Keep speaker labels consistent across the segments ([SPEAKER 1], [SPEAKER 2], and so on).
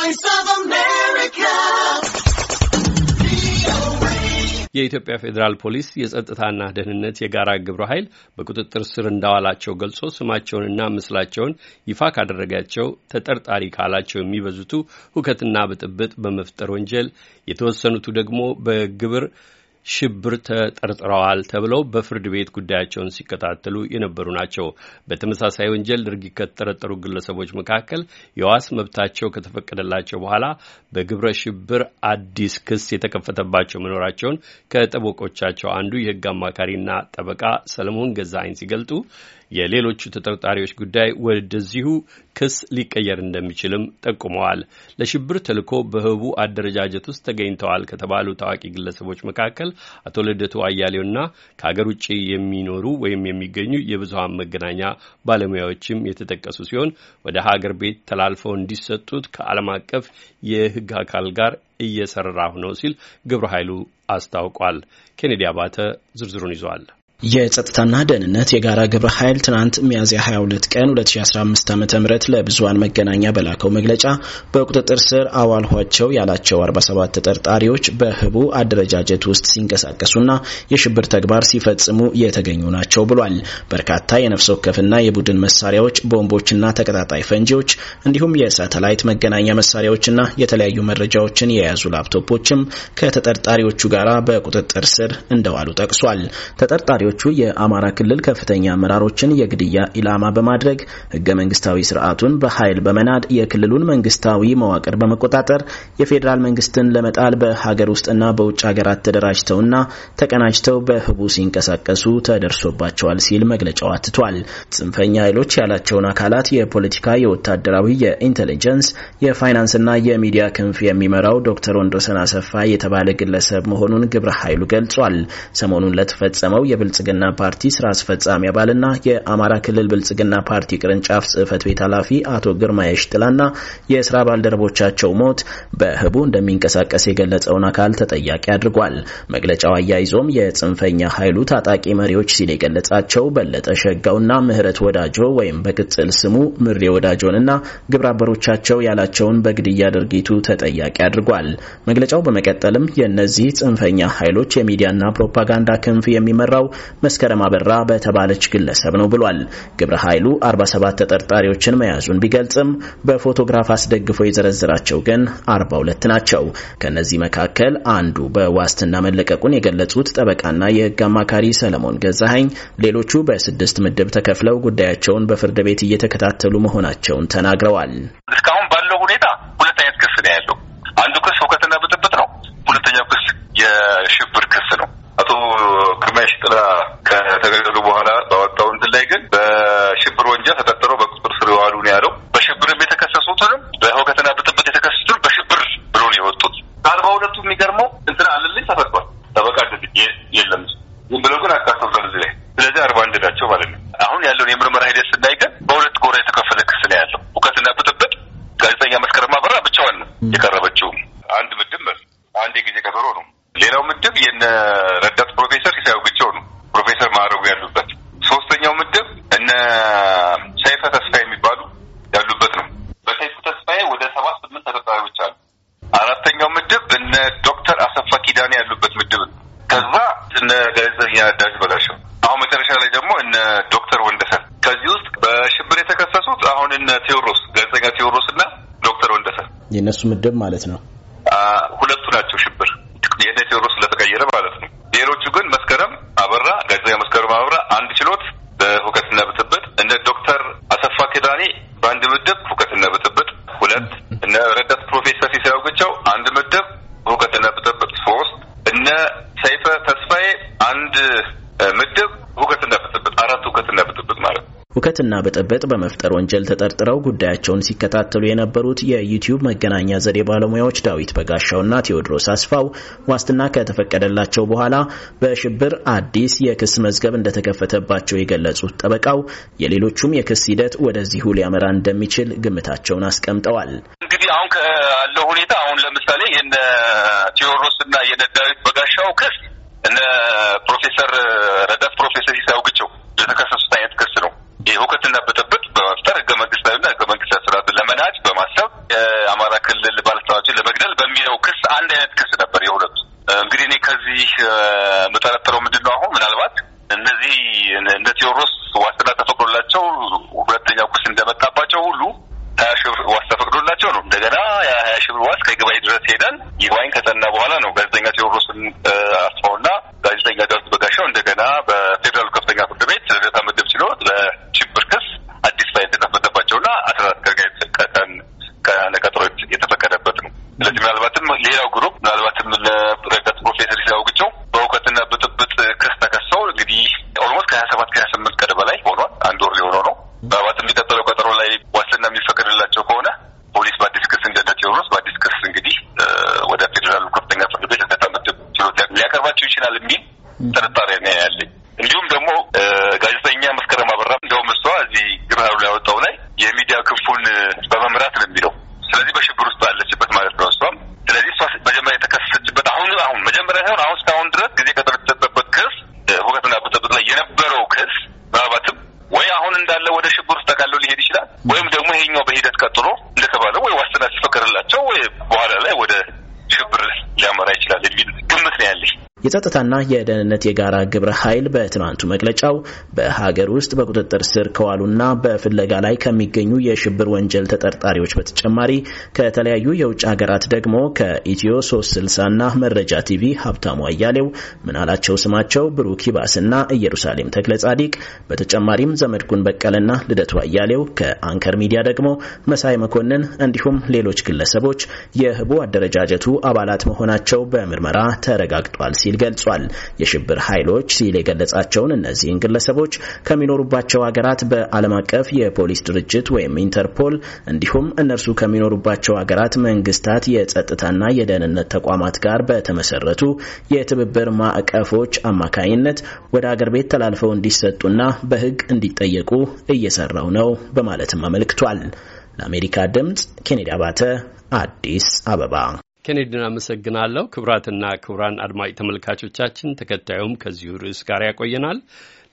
[SPEAKER 1] Voice
[SPEAKER 2] የኢትዮጵያ ፌዴራል ፖሊስ የጸጥታና ደህንነት የጋራ ግብረ ኃይል በቁጥጥር ስር እንዳዋላቸው ገልጾ ስማቸውንና ምስላቸውን ይፋ ካደረጋቸው ተጠርጣሪ ካላቸው የሚበዙቱ ሁከትና ብጥብጥ በመፍጠር ወንጀል የተወሰኑቱ ደግሞ በግብር ሽብር ተጠርጥረዋል ተብለው በፍርድ ቤት ጉዳያቸውን ሲከታተሉ የነበሩ ናቸው። በተመሳሳይ ወንጀል ድርጊት ከተጠረጠሩ ግለሰቦች መካከል የዋስ መብታቸው ከተፈቀደላቸው በኋላ በግብረ ሽብር አዲስ ክስ የተከፈተባቸው መኖራቸውን ከጠበቆቻቸው አንዱ የሕግ አማካሪና ጠበቃ ሰለሞን ገዛኸኝ ሲገልጡ የሌሎቹ ተጠርጣሪዎች ጉዳይ ወደዚሁ ክስ ሊቀየር እንደሚችልም ጠቁመዋል። ለሽብር ተልዕኮ በህቡ አደረጃጀት ውስጥ ተገኝተዋል ከተባሉ ታዋቂ ግለሰቦች መካከል አቶ ልደቱ አያሌውና ከሀገር ውጭ የሚኖሩ ወይም የሚገኙ የብዙሀን መገናኛ ባለሙያዎችም የተጠቀሱ ሲሆን ወደ ሀገር ቤት ተላልፈው እንዲሰጡት ከዓለም አቀፍ የህግ አካል ጋር እየሰራሁ ነው ሲል ግብረ ኃይሉ አስታውቋል። ኬኔዲ አባተ ዝርዝሩን ይዟል።
[SPEAKER 3] የጸጥታና ደህንነት የጋራ ግብረ ኃይል ትናንት ሚያዝያ 22 ቀን 2015 ዓ ም ለብዙሃን መገናኛ በላከው መግለጫ በቁጥጥር ስር አዋልኋቸው ያላቸው 47 ተጠርጣሪዎች በህቡ አደረጃጀት ውስጥ ሲንቀሳቀሱና የሽብር ተግባር ሲፈጽሙ የተገኙ ናቸው ብሏል። በርካታ የነፍስ ወከፍና የቡድን መሳሪያዎች፣ ቦምቦችና ተቀጣጣይ ፈንጂዎች እንዲሁም የሳተላይት መገናኛ መሳሪያዎችና የተለያዩ መረጃዎችን የያዙ ላፕቶፖችም ከተጠርጣሪዎቹ ጋር በቁጥጥር ስር እንደዋሉ ጠቅሷል። ተጠርጣሪዎች ታጣቂዎቹ የአማራ ክልል ከፍተኛ አመራሮችን የግድያ ኢላማ በማድረግ ህገ መንግስታዊ ስርዓቱን በኃይል በመናድ የክልሉን መንግስታዊ መዋቅር በመቆጣጠር የፌዴራል መንግስትን ለመጣል በሀገር ውስጥና በውጭ ሀገራት ተደራጅተውና ተቀናጅተው በህቡ ሲንቀሳቀሱ ተደርሶባቸዋል ሲል መግለጫው አትቷል። ጽንፈኛ ኃይሎች ያላቸውን አካላት የፖለቲካ፣ የወታደራዊ፣ የኢንቴሊጀንስ፣ የፋይናንስና የሚዲያ ክንፍ የሚመራው ዶክተር ወንዶሰን አሰፋ የተባለ ግለሰብ መሆኑን ግብረ ኃይሉ ገልጿል። ሰሞኑን ለተፈጸመው የብልጽ ብልጽግና ፓርቲ ስራ አስፈጻሚ አባልና የአማራ ክልል ብልጽግና ፓርቲ ቅርንጫፍ ጽህፈት ቤት ኃላፊ አቶ ግርማ የሽጥላና የስራ ባልደረቦቻቸው ሞት በህቡ እንደሚንቀሳቀስ የገለጸውን አካል ተጠያቂ አድርጓል። መግለጫው አያይዞም የጽንፈኛ ኃይሉ ታጣቂ መሪዎች ሲል የገለጻቸው በለጠ ሸጋውና ምህረት ወዳጆ ወይም በቅጽል ስሙ ምሬ ወዳጆንና ግብረአበሮቻቸው ያላቸውን በግድያ ድርጊቱ ተጠያቂ አድርጓል። መግለጫው በመቀጠልም የእነዚህ ጽንፈኛ ኃይሎች የሚዲያና ፕሮፓጋንዳ ክንፍ የሚመራው መስከረም አበራ በተባለች ግለሰብ ነው ብሏል። ግብረ ኃይሉ 47 ተጠርጣሪዎችን መያዙን ቢገልጽም በፎቶግራፍ አስደግፎ የዘረዝራቸው ግን 42 ናቸው። ከነዚህ መካከል አንዱ በዋስትና መለቀቁን የገለጹት ጠበቃና የህግ አማካሪ ሰለሞን ገዛሀኝ ሌሎቹ በስድስት ምድብ ተከፍለው ጉዳያቸውን በፍርድ ቤት እየተከታተሉ መሆናቸውን ተናግረዋል። እስካሁን ባለው ሁኔታ የእነሱ ምድብ ማለት ነው ሁከትና ብጥብጥ በመፍጠር ወንጀል ተጠርጥረው ጉዳያቸውን ሲከታተሉ የነበሩት የዩቲዩብ መገናኛ ዘዴ ባለሙያዎች ዳዊት በጋሻውና ቴዎድሮስ አስፋው ዋስትና ከተፈቀደላቸው በኋላ በሽብር አዲስ የክስ መዝገብ እንደተከፈተባቸው የገለጹት ጠበቃው የሌሎቹም የክስ ሂደት ወደዚሁ ሊያመራ እንደሚችል ግምታቸውን አስቀምጠዋል። እንግዲህ አሁን
[SPEAKER 1] ካለው ሁኔታ አሁን ለምሳሌ የነ ቴዎድሮስ የነ ዳዊት በጋሻው ክስ እነ ፕሮፌሰር ረዳፍ
[SPEAKER 3] የጸጥታና የደህንነት የጋራ ግብረ ኃይል በትናንቱ መግለጫው በሀገር ውስጥ በቁጥጥር ስር ከዋሉና በፍለጋ ላይ ከሚገኙ የሽብር ወንጀል ተጠርጣሪዎች በተጨማሪ ከተለያዩ የውጭ ሀገራት ደግሞ ከኢትዮ 360ና መረጃ ቲቪ ሀብታሙ አያሌው፣ ምናላቸው ስማቸው፣ ብሩክ ይባስና ኢየሩሳሌም ተክለ ጻዲቅ በተጨማሪም ዘመድኩን በቀለና ልደቱ አያሌው ከአንከር ሚዲያ ደግሞ መሳይ መኮንን እንዲሁም ሌሎች ግለሰቦች የህቡ አደረጃጀቱ አባላት መሆናቸው በምርመራ ተረጋግጧል ሲል ገልጿል። የሽብር ኃይሎች ሲል የገለጻቸውን እነዚህን ግለሰቦች ከሚኖሩባቸው ሀገራት በዓለም አቀፍ የፖሊስ ድርጅት ወይም ኢንተርፖል እንዲሁም እነርሱ ከሚኖሩባቸው ሀገራት መንግስታት የጸጥታና የደህንነት ተቋማት ጋር በተመሰረቱ የትብብር ማዕቀፎች አማካይነት ወደ አገር ቤት ተላልፈው እንዲሰጡና በሕግ እንዲጠየቁ እየሰራው ነው በማለትም አመልክቷል። ለአሜሪካ ድምፅ ኬኔዲ አባተ አዲስ አበባ
[SPEAKER 2] ኬኔዲን አመሰግናለሁ። ክቡራትና ክቡራን አድማጭ ተመልካቾቻችን ተከታዩም ከዚሁ ርዕስ ጋር ያቆየናል።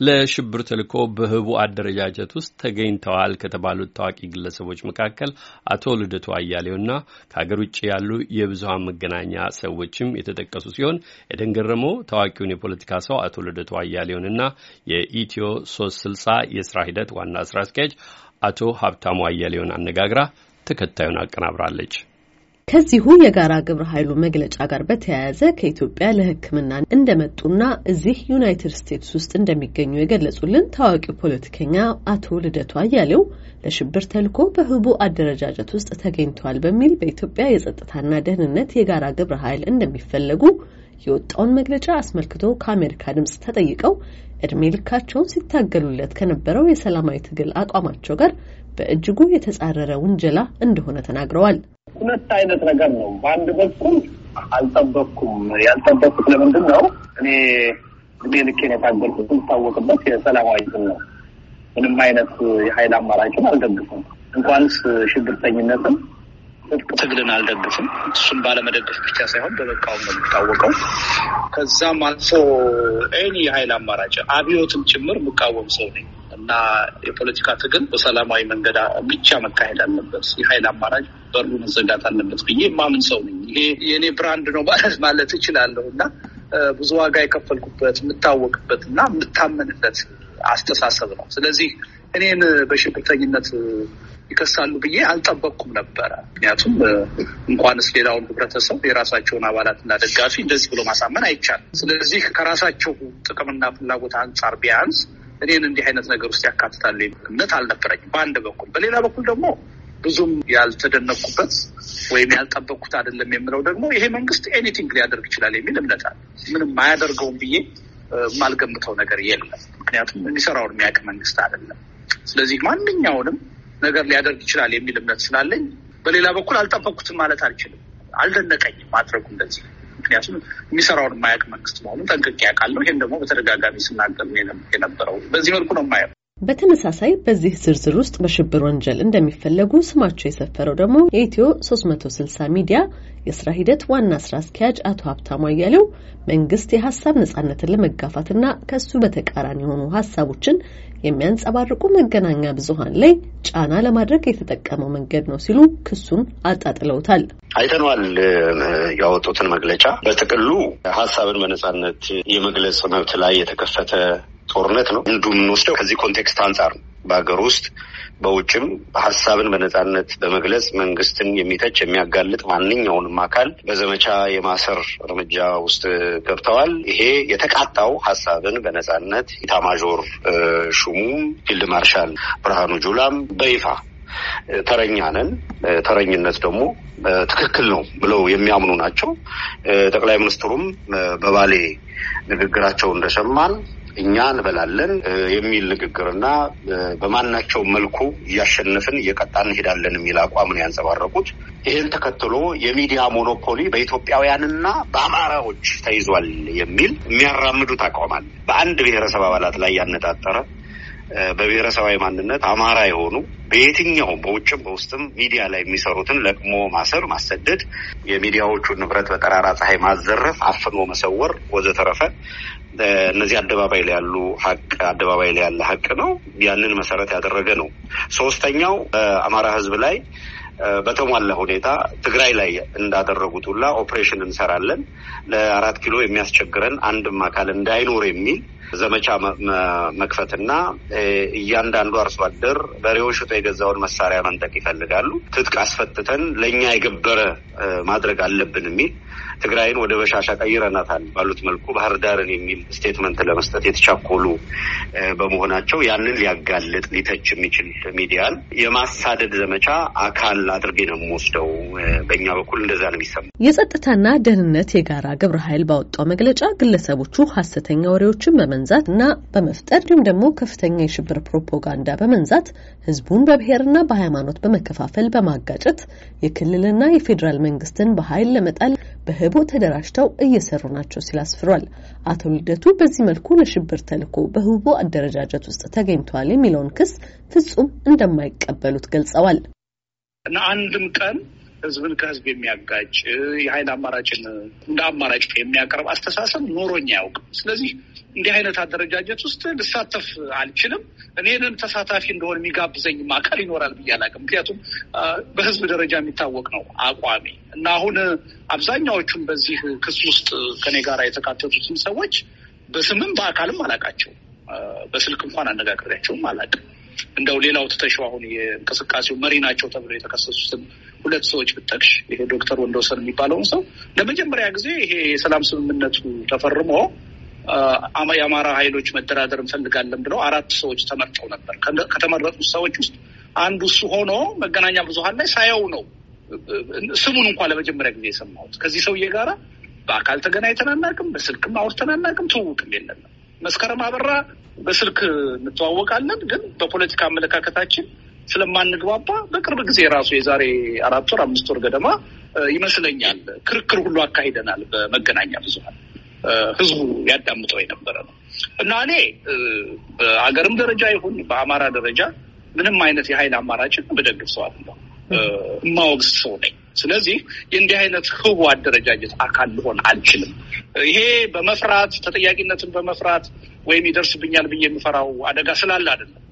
[SPEAKER 2] ለሽብር ተልእኮ በህቡ አደረጃጀት ውስጥ ተገኝተዋል ከተባሉት ታዋቂ ግለሰቦች መካከል አቶ ልደቱ አያሌውና ከሀገር ውጭ ያሉ የብዙሀን መገናኛ ሰዎችም የተጠቀሱ ሲሆን ኤደን ገረመው ታዋቂውን የፖለቲካ ሰው አቶ ልደቱ አያሌውንና የኢትዮ ሶስት ስልሳ የስራ ሂደት ዋና ስራ አስኪያጅ አቶ ሀብታሙ አያሌውን አነጋግራ ተከታዩን አቀናብራለች።
[SPEAKER 4] ከዚሁ የጋራ ግብረ ኃይሉ መግለጫ ጋር በተያያዘ ከኢትዮጵያ ለሕክምና እንደመጡና እዚህ ዩናይትድ ስቴትስ ውስጥ እንደሚገኙ የገለጹልን ታዋቂ ፖለቲከኛ አቶ ልደቱ አያሌው ለሽብር ተልኮ በህቡ አደረጃጀት ውስጥ ተገኝተዋል በሚል በኢትዮጵያ የጸጥታና ደህንነት የጋራ ግብረ ኃይል እንደሚፈለጉ የወጣውን መግለጫ አስመልክቶ ከአሜሪካ ድምፅ ተጠይቀው እድሜ ልካቸውን ሲታገሉለት ከነበረው የሰላማዊ ትግል አቋማቸው ጋር በእጅጉ የተጻረረ ውንጀላ እንደሆነ ተናግረዋል።
[SPEAKER 5] ሁለት አይነት ነገር ነው። በአንድ በኩል አልጠበቅኩም። ያልጠበቅኩት ለምንድን ነው? እኔ እድሜ ልኬን የታገልኩት የምታወቅበት የሰላማዊ ትግል ነው። ምንም አይነት የኃይል አማራጭን አልደግፍም፣ እንኳንስ ሽብርተኝነትን ትጥቅ ትግልን አልደግፍም። እሱም ባለመደገፍ ብቻ ሳይሆን በመቃወም ነው የሚታወቀው። ከዛም አልፎ ኤኒ የሀይል አማራጭ አብዮትም ጭምር የምቃወም ሰው ነኝ። እና የፖለቲካ ትግል በሰላማዊ መንገድ ብቻ መካሄድ አለበት። የኃይል አማራጭ በሩ መዘጋት አለበት ብዬ የማምን ሰው ነኝ። ይሄ የእኔ ብራንድ ነው ማለት ማለት እችላለሁ እና ብዙ ዋጋ የከፈልኩበት የምታወቅበት እና የምታመንበት አስተሳሰብ ነው። ስለዚህ እኔን በሽብርተኝነት ይከሳሉ ብዬ አልጠበቅኩም ነበረ። ምክንያቱም እንኳንስ ሌላውን ህብረተሰብ የራሳቸውን አባላትና ደጋፊ እንደዚህ ብሎ ማሳመን አይቻልም። ስለዚህ ከራሳቸው ጥቅምና ፍላጎት አንጻር ቢያንስ እኔን እንዲህ አይነት ነገር ውስጥ ያካትታሉ እምነት አልነበረኝም በአንድ በኩል። በሌላ በኩል ደግሞ ብዙም ያልተደነቁበት ወይም ያልጠበቅኩት አይደለም የምለው ደግሞ ይሄ መንግስት ኤኒቲንግ ሊያደርግ ይችላል የሚል እምነት አለ። ምንም አያደርገውም ብዬ የማልገምተው ነገር የለም። ምክንያቱም የሚሰራውን የሚያውቅ መንግስት አይደለም። ስለዚህ ማንኛውንም ነገር ሊያደርግ ይችላል የሚል እምነት ስላለኝ፣ በሌላ በኩል አልጠበቅኩትም ማለት አልችልም። አልደነቀኝም ማድረጉ እንደዚህ ምክንያቱም የሚሰራውን የማያውቅ መንግስት መሆኑን ጠንቅቄ አውቃለሁ። ይህም ደግሞ በተደጋጋሚ ስናገር የነበረው በዚህ መልኩ ነው የማየው።
[SPEAKER 4] በተመሳሳይ በዚህ ዝርዝር ውስጥ በሽብር ወንጀል እንደሚፈለጉ ስማቸው የሰፈረው ደግሞ የኢትዮ 360 ሚዲያ የስራ ሂደት ዋና ስራ አስኪያጅ አቶ ሀብታሙ አያሌው መንግስት የሀሳብ ነጻነትን ለመጋፋትና ከሱ በተቃራኒ የሆኑ ሀሳቦችን የሚያንጸባርቁ መገናኛ ብዙሀን ላይ ጫና ለማድረግ የተጠቀመው መንገድ ነው ሲሉ ክሱን አጣጥለውታል።
[SPEAKER 6] አይተነዋል ያወጡትን መግለጫ። በጥቅሉ ሀሳብን በነጻነት የመግለጽ መብት ላይ የተከፈተ ጦርነት ነው። እንዱ የምንወስደው ከዚህ ኮንቴክስት አንጻር ነው። በሀገር ውስጥ በውጭም ሀሳብን በነጻነት በመግለጽ መንግስትን የሚተች የሚያጋልጥ ማንኛውንም አካል በዘመቻ የማሰር እርምጃ ውስጥ ገብተዋል። ይሄ የተቃጣው ሀሳብን በነጻነት ኢታማዦር ሹሙ ፊልድ ማርሻል ብርሃኑ ጁላም በይፋ ተረኛ ነን፣ ተረኝነት ደግሞ ትክክል ነው ብለው የሚያምኑ ናቸው። ጠቅላይ ሚኒስትሩም በባሌ ንግግራቸው እንደሰማን እኛ እንበላለን የሚል ንግግርና በማናቸው መልኩ እያሸነፍን እየቀጣን እንሄዳለን የሚል አቋም ነው ያንጸባረቁት። ይህን ተከትሎ የሚዲያ ሞኖፖሊ በኢትዮጵያውያንና በአማራዎች ተይዟል የሚል የሚያራምዱት አቋም አለ። በአንድ ብሔረሰብ አባላት ላይ ያነጣጠረ በብሔረሰባዊ ማንነት አማራ የሆኑ በየትኛውም በውጭም በውስጥም ሚዲያ ላይ የሚሰሩትን ለቅሞ ማሰር፣ ማሰደድ፣ የሚዲያዎቹን ንብረት በጠራራ ፀሐይ ማዘረፍ፣ አፍኖ መሰወር ወዘተረፈ እነዚህ አደባባይ ላይ ያሉ ሀቅ አደባባይ ላይ ያለ ሀቅ ነው። ያንን መሰረት ያደረገ ነው። ሶስተኛው በአማራ ህዝብ ላይ በተሟላ ሁኔታ ትግራይ ላይ እንዳደረጉት ሁላ ኦፕሬሽን እንሰራለን ለአራት ኪሎ የሚያስቸግረን አንድም አካል እንዳይኖር የሚል ዘመቻ መክፈትና እያንዳንዱ አርሶ አደር በሬው ሽጦ የገዛውን መሳሪያ መንጠቅ ይፈልጋሉ። ትጥቅ አስፈትተን ለእኛ የገበረ ማድረግ አለብን የሚል ትግራይን ወደ በሻሻ ቀይረናታል ባሉት መልኩ ባህር ዳርን የሚል ስቴትመንት ለመስጠት የተቻኮሉ በመሆናቸው ያንን ሊያጋልጥ ሊተች የሚችል ሚዲያን የማሳደድ ዘመቻ አካል አድርጌ ነው የምወስደው። በእኛ በኩል እንደዛ ነው የሚሰማ።
[SPEAKER 4] የጸጥታና ደህንነት የጋራ ግብረ ኃይል ባወጣው መግለጫ ግለሰቦቹ ሀሰተኛ ወሬዎችን በመ በመንዛት እና በመፍጠር እንዲሁም ደግሞ ከፍተኛ የሽብር ፕሮፓጋንዳ በመንዛት ህዝቡን በብሔርና በሃይማኖት በመከፋፈል በማጋጨት የክልልና የፌዴራል መንግስትን በኃይል ለመጣል በህቦ ተደራጅተው እየሰሩ ናቸው ሲል አስፍሯል። አቶ ልደቱ በዚህ መልኩ ለሽብር ተልዕኮ በህቦ አደረጃጀት ውስጥ ተገኝተዋል የሚለውን ክስ ፍጹም እንደማይቀበሉት ገልጸዋል።
[SPEAKER 5] አንድም ቀን ህዝብን ከህዝብ የሚያጋጭ የሀይል አማራጭን እንደ አማራጭ የሚያቀርብ አስተሳሰብ ኖሮኝ አያውቅም። ስለዚህ እንዲህ አይነት አደረጃጀት ውስጥ ልሳተፍ አልችልም። እኔንም ተሳታፊ እንደሆን የሚጋብዘኝ አካል ይኖራል ብዬ አላውቅም። ምክንያቱም በህዝብ ደረጃ የሚታወቅ ነው አቋሚ እና አሁን አብዛኛዎቹም በዚህ ክስ ውስጥ ከኔ ጋር የተካተቱትን ሰዎች በስምም በአካልም አላውቃቸውም። በስልክ እንኳን አነጋግሬያቸውም አላውቅም። እንደው ሌላው ትተሽው አሁን የእንቅስቃሴው መሪ ናቸው ተብሎ የተከሰሱትን ሁለት ሰዎች ብጠቅሽ ይሄ ዶክተር ወንዶሰን የሚባለውን ሰው ለመጀመሪያ ጊዜ ይሄ የሰላም ስምምነቱ ተፈርሞ የአማራ ኃይሎች መደራደር እንፈልጋለን ብለው አራት ሰዎች ተመርጠው ነበር። ከተመረጡት ሰዎች ውስጥ አንዱ እሱ ሆኖ መገናኛ ብዙኃን ላይ ሳየው ነው ስሙን እንኳን ለመጀመሪያ ጊዜ የሰማሁት። ከዚህ ሰውዬ ጋራ በአካል ተገናኝተን አናውቅም፣ በስልክም አውርተን አናውቅም፣ ትውውቅም የለንም። መስከረም አበራ በስልክ እንተዋወቃለን፣ ግን በፖለቲካ አመለካከታችን ስለማንግባባ በቅርብ ጊዜ ራሱ የዛሬ አራት ወር አምስት ወር ገደማ ይመስለኛል ክርክር ሁሉ አካሂደናል። በመገናኛ ብዙኃን ህዝቡ ያዳምጠው የነበረ ነው እና እኔ በአገርም ደረጃ ይሁን በአማራ ደረጃ ምንም አይነት የሀይል አማራጭን በደግፍ ሰው አይደለሁም፣ እማወግዝ ሰው ነኝ። ስለዚህ የእንዲህ አይነት ህቡ አደረጃጀት አካል ልሆን አልችልም። ይሄ በመፍራት ተጠያቂነትን በመፍራት ወይም ይደርስብኛል ብዬ የምፈራው አደጋ ስላለ አይደለም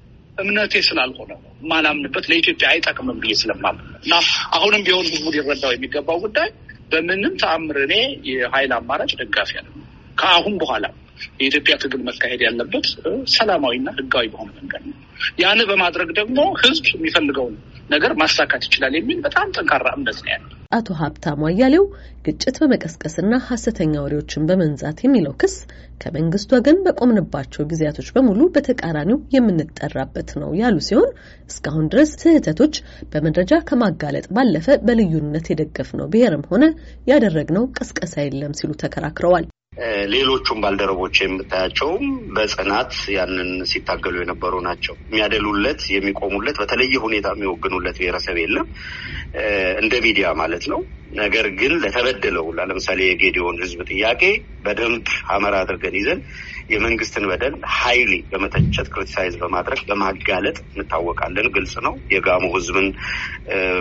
[SPEAKER 5] እምነቴ ስላልሆነ ማላምንበት ለኢትዮጵያ አይጠቅምም ብዬ ስለማምን እና አሁንም ቢሆን ህዝቡ ሊረዳው የሚገባው ጉዳይ በምንም ተአምር እኔ የኃይል አማራጭ ደጋፊ ያለ ከአሁን በኋላ የኢትዮጵያ ትግል መካሄድ ያለበት ሰላማዊና ህጋዊ በሆነ መንገድ ነው። ያን በማድረግ ደግሞ ህዝብ የሚፈልገውን ነገር ማሳካት ይችላል የሚል በጣም ጠንካራ እምነት ነው ያለው
[SPEAKER 4] አቶ ሀብታሙ አያሌው። ግጭት በመቀስቀስና ሀሰተኛ ወሬዎችን በመንዛት የሚለው ክስ ከመንግስት ወገን በቆምንባቸው ጊዜያቶች በሙሉ በተቃራኒው የምንጠራበት ነው ያሉ ሲሆን እስካሁን ድረስ ስህተቶች በመረጃ ከማጋለጥ ባለፈ በልዩነት የደገፍነው ብሔርም ሆነ ያደረግነው ቅስቀሳ የለም ሲሉ ተከራክረዋል።
[SPEAKER 6] ሌሎቹም ባልደረቦች የምታያቸውም በጽናት ያንን ሲታገሉ የነበሩ ናቸው። የሚያደሉለት፣ የሚቆሙለት፣ በተለየ ሁኔታ የሚወግኑለት ብሔረሰብ የለም እንደ ሚዲያ ማለት ነው። ነገር ግን ለተበደለው ለምሳሌ የጌዲዮን ሕዝብ ጥያቄ በደንብ አመራ አድርገን ይዘን የመንግስትን በደል ሀይሊ በመተቸት ክሪቲሳይዝ በማድረግ በማጋለጥ እንታወቃለን። ግልጽ ነው። የጋሞ ህዝብን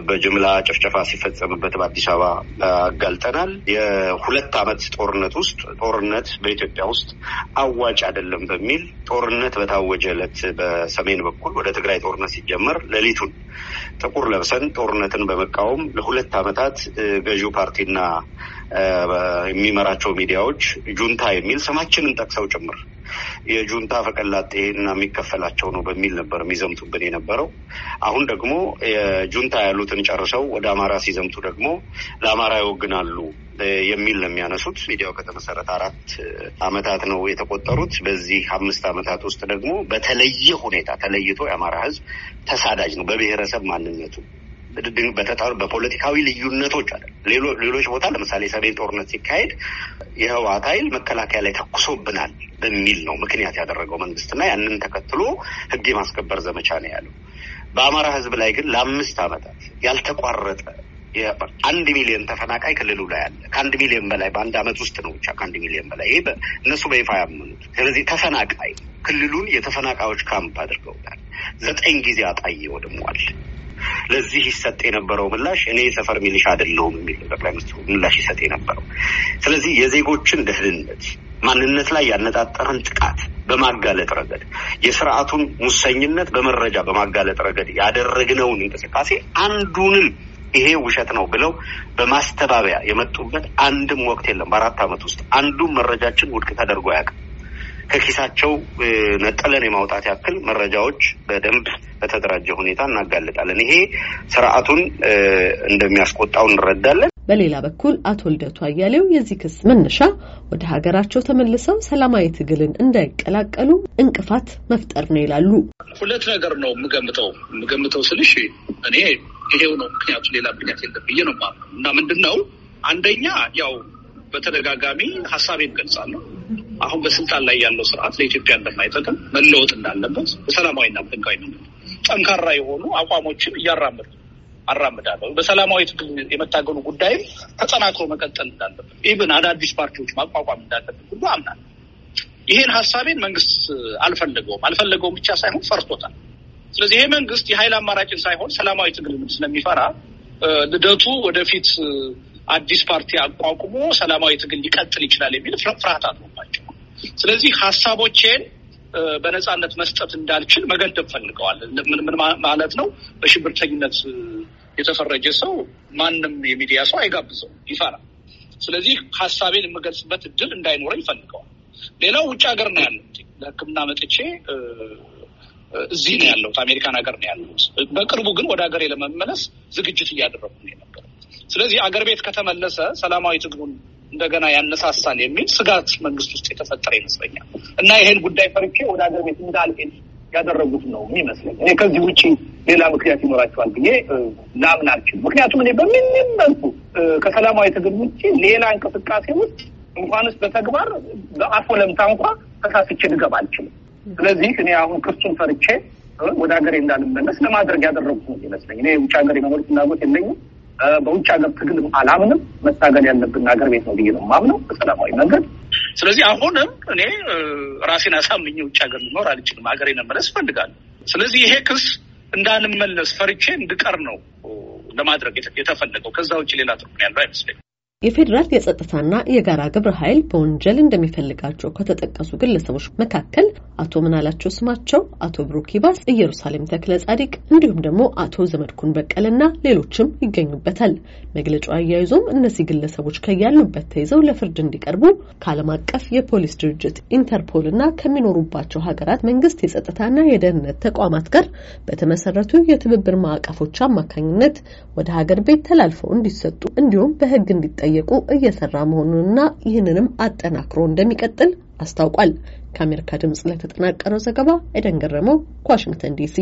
[SPEAKER 6] በጅምላ ጭፍጨፋ ሲፈጸምበት በአዲስ አበባ አጋልጠናል። የሁለት ዓመት ጦርነት ውስጥ ጦርነት በኢትዮጵያ ውስጥ አዋጭ አይደለም በሚል ጦርነት በታወጀ ዕለት በሰሜን በኩል ወደ ትግራይ ጦርነት ሲጀመር ሌሊቱን ጥቁር ለብሰን ጦርነትን በመቃወም ለሁለት ዓመታት ገዢው ፓርቲና የሚመራቸው ሚዲያዎች ጁንታ የሚል ስማችንን ጠቅሰው ጭምር የጁንታ ፈቀላጤና የሚከፈላቸው ነው በሚል ነበር የሚዘምቱብን የነበረው። አሁን ደግሞ የጁንታ ያሉትን ጨርሰው ወደ አማራ ሲዘምቱ ደግሞ ለአማራ ይወግናሉ የሚል ነው የሚያነሱት። ሚዲያው ከተመሰረተ አራት አመታት ነው የተቆጠሩት። በዚህ አምስት አመታት ውስጥ ደግሞ በተለየ ሁኔታ ተለይቶ የአማራ ህዝብ ተሳዳጅ ነው በብሔረሰብ ማንነቱ በተጣሩ በፖለቲካዊ ልዩነቶች አለ ሌሎች ቦታ ለምሳሌ ሰሜን ጦርነት ሲካሄድ የህወሓት ኃይል መከላከያ ላይ ተኩሶብናል በሚል ነው ምክንያት ያደረገው መንግስትና ያንን ተከትሎ ህግ የማስከበር ዘመቻ ነው ያለው። በአማራ ህዝብ ላይ ግን ለአምስት ዓመታት ያልተቋረጠ አንድ ሚሊዮን ተፈናቃይ ክልሉ ላይ አለ። ከአንድ ሚሊዮን በላይ በአንድ አመት ውስጥ ነው ብቻ ከአንድ ሚሊዮን በላይ ይሄ እነሱ በይፋ ያመኑት። ስለዚህ ተፈናቃይ ክልሉን የተፈናቃዮች ካምፕ አድርገውታል። ዘጠኝ ጊዜ አጣዬ ወድሟል። ለዚህ ይሰጥ የነበረው ምላሽ እኔ ሰፈር ሚሊሻ አይደለሁም የሚል ጠቅላይ ሚኒስትሩ ምላሽ ይሰጥ የነበረው። ስለዚህ የዜጎችን ደህንነት ማንነት ላይ ያነጣጠረን ጥቃት በማጋለጥ ረገድ የስርዓቱን ሙሰኝነት በመረጃ በማጋለጥ ረገድ ያደረግነውን እንቅስቃሴ አንዱንም ይሄ ውሸት ነው ብለው በማስተባበያ የመጡበት አንድም ወቅት የለም። በአራት ዓመት ውስጥ አንዱም መረጃችን ውድቅ ተደርጎ አያውቅም። ከኪሳቸው ነጠለን የማውጣት ያክል መረጃዎች በደንብ በተደራጀ ሁኔታ እናጋልጣለን። ይሄ ስርዓቱን እንደሚያስቆጣው እንረዳለን።
[SPEAKER 4] በሌላ በኩል አቶ ልደቱ አያሌው የዚህ ክስ መነሻ ወደ ሀገራቸው ተመልሰው ሰላማዊ ትግልን እንዳይቀላቀሉ እንቅፋት መፍጠር ነው ይላሉ።
[SPEAKER 5] ሁለት ነገር ነው የምገምተው የምገምተው ስልሽ እኔ ይሄው ነው ምክንያቱ፣ ሌላ ምክንያት የለም ብዬ ነው እና ምንድን ነው አንደኛ ያው በተደጋጋሚ ሀሳቤን ገልጻለሁ አሁን በስልጣን ላይ ያለው ስርዓት ለኢትዮጵያ እንደማይጠቅም መለወጥ እንዳለበት በሰላማዊና በህጋዊ መንገድ ጠንካራ የሆኑ አቋሞችን እያራምድ አራምዳለሁ። በሰላማዊ ትግል የመታገሉ ጉዳይም ተጠናክሮ መቀጠል እንዳለበት፣ ኢብን አዳዲስ ፓርቲዎች ማቋቋም እንዳለበት ሁሉ አምናለሁ። ይህን ሀሳቤን መንግስት አልፈለገውም። አልፈለገውም ብቻ ሳይሆን ፈርቶታል። ስለዚህ ይሄ መንግስት የኃይል አማራጭን ሳይሆን ሰላማዊ ትግል ስለሚፈራ ልደቱ ወደፊት አዲስ ፓርቲ አቋቁሞ ሰላማዊ ትግል ሊቀጥል ይችላል የሚል ፍርሃት አለው። ስለዚህ ሀሳቦቼን በነፃነት መስጠት እንዳልችል መገደብ ፈልገዋል። ምን ማለት ነው? በሽብርተኝነት የተፈረጀ ሰው ማንም የሚዲያ ሰው አይጋብዘው፣ ይፈራል። ስለዚህ ሀሳቤን የምገልጽበት እድል እንዳይኖረኝ ይፈልገዋል። ሌላው ውጭ ሀገር ነው ያለሁት፣ ለሕክምና መጥቼ እዚህ ነው ያለሁት፣ አሜሪካን ሀገር ነው ያለሁት። በቅርቡ ግን ወደ ሀገሬ ለመመለስ ዝግጅት እያደረጉ ነው የነበረው። ስለዚህ አገር ቤት ከተመለሰ ሰላማዊ ትግሉን እንደገና ያነሳሳል የሚል ስጋት መንግስት ውስጥ የተፈጠረ ይመስለኛል እና ይሄን ጉዳይ ፈርቼ ወደ ሀገር ቤት እንዳልሄድ ያደረጉት ነው የሚመስለኝ። እኔ ከዚህ ውጭ ሌላ ምክንያት ይኖራቸዋል ብዬ ላምን አልችልም። ምክንያቱም እኔ በምንም መልኩ ከሰላማዊ ትግል ውጭ ሌላ እንቅስቃሴ ውስጥ እንኳንስ በተግባር በአፎ ለምታ እንኳ ተሳስቼ ልገባ አልችልም። ስለዚህ እኔ አሁን ክርስቱን ፈርቼ ወደ ሀገሬ እንዳልመለስ ለማድረግ ያደረጉት ነው ይመስለኝ። እኔ ውጭ ሀገር የመኖር ፍላጎት የለኝም። በውጭ ሀገር ትግልም አላምንም። መታገል ያለብን ሀገር ቤት ነው ብዬ ነው የማምነው በሰላማዊ መንገድ። ስለዚህ አሁንም እኔ ራሴን አሳምኜ ውጭ ሀገር ልኖር አልችልም። ሀገሬን መመለስ እፈልጋለሁ። ስለዚህ ይሄ ክስ እንዳንመለስ ፈርቼ እንድቀር ነው ለማድረግ የተፈለገው። ከዛ ውጭ ሌላ ትርጉም
[SPEAKER 3] ያለው አይመስለኝም።
[SPEAKER 4] የፌዴራል የጸጥታና የጋራ ግብረ ኃይል በወንጀል እንደሚፈልጋቸው ከተጠቀሱ ግለሰቦች መካከል አቶ ምናላቸው ስማቸው፣ አቶ ብሩክ ይባስ፣ ኢየሩሳሌም ተክለ ጻዲቅ እንዲሁም ደግሞ አቶ ዘመድኩን በቀለና ሌሎችም ይገኙበታል። መግለጫው አያይዞም እነዚህ ግለሰቦች ከያሉበት ተይዘው ለፍርድ እንዲቀርቡ ከዓለም አቀፍ የፖሊስ ድርጅት ኢንተርፖልና ከሚኖሩባቸው ሀገራት መንግስት የጸጥታና የደህንነት ተቋማት ጋር በተመሰረቱ የትብብር ማዕቀፎች አማካኝነት ወደ ሀገር ቤት ተላልፈው እንዲሰጡ እንዲሁም በህግ እንዲጠ እንዲጠየቁ እየሰራ መሆኑንና ይህንንም አጠናክሮ እንደሚቀጥል አስታውቋል። ከአሜሪካ ድምፅ ለተጠናቀረው ዘገባ ኤደን ገረመው ከዋሽንግተን ዲሲ